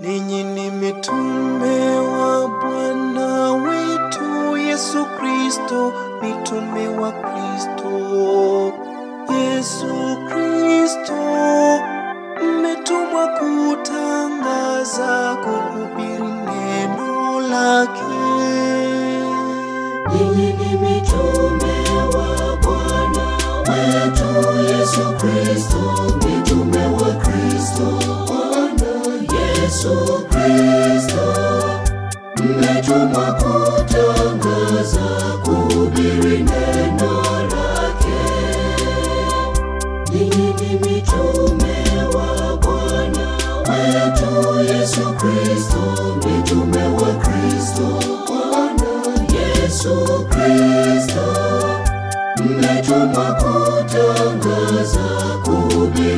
Ninyi ni mitume wa Bwana wetu Yesu Kristo, mitume wa Kristo. Yesu Kristo, mmetumwa kutangaza, kuhubiri neno lake. Ninyi ni mitume wa Bwana wetu Yesu Kristo, mitume wa Kristo. Yesu Kristo, mmetumwa kutangaza, kuhubiri neno lake. Ninyi ni mitume wa Bwana wetu Yesu Kristo, mitume wa Kristo Bwana Yesu Kristo, mmetumwa kutangaza, kuhubiri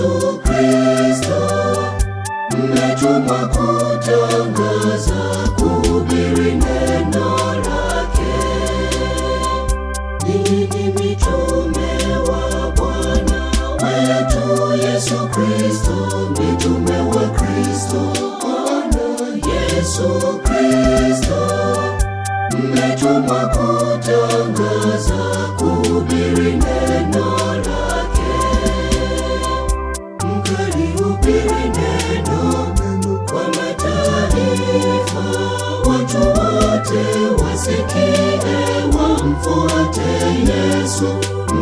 Yesu Kristo, mmetumwa kutangaza, kuhubiri neno lake. Ninyi ni mitume wa Bwana wetu Yesu Kristo, mitume wa Kristo, Bwana Yesu Kristo, mmetumwa kutangaza, kuhubiri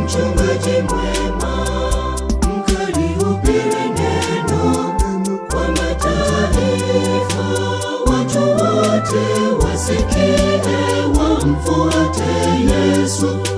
mchungaji mwema, mkalihubiri neno kwa mataifa, watu wote wasikie, wamfuate Yesu.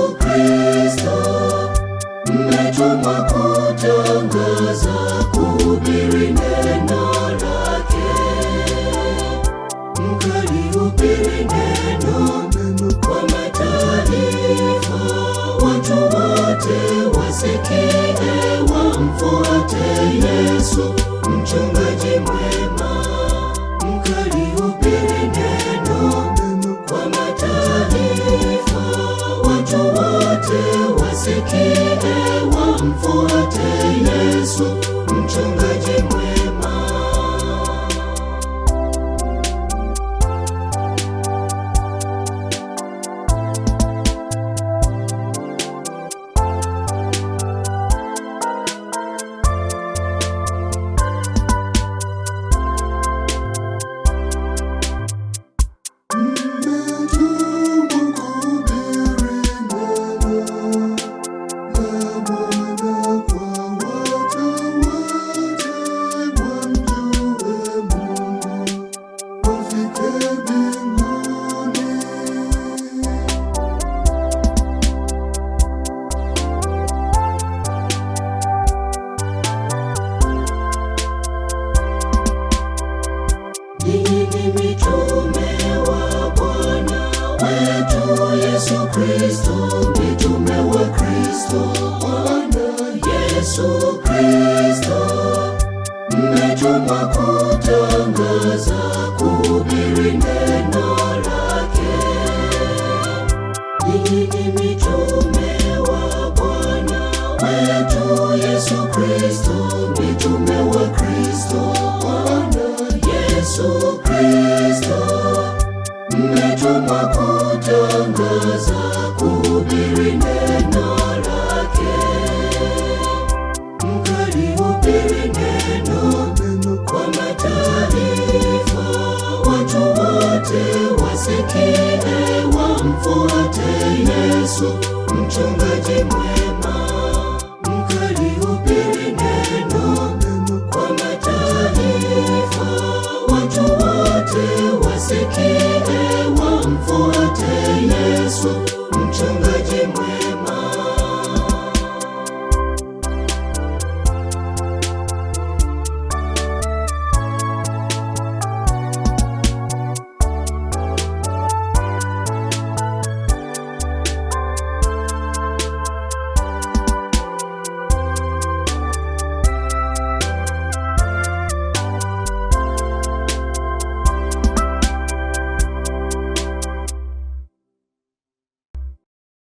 Yesu Kristo mmetumwa kutangaza, kuhubiri neno lake. Mkalihubiri neno kwa mataifa, watu wote wasikie, wamfuate Yesu. One for ten. Kristo, mitume wa Kristo, Bwana Yesu Kristo, mmetumwa kutangaza, kuhubiri neno lake. Ninyi ni mitume wa Bwana wetu Yesu Kristo, mitume wa Kristo, Bwana Yesu umetumwa kutangaza, kuhubiri neno lake. Mkalihubiri neno kwa mataifa, watu wote wasikie, wamfuate Yesu, mchungaji mwema.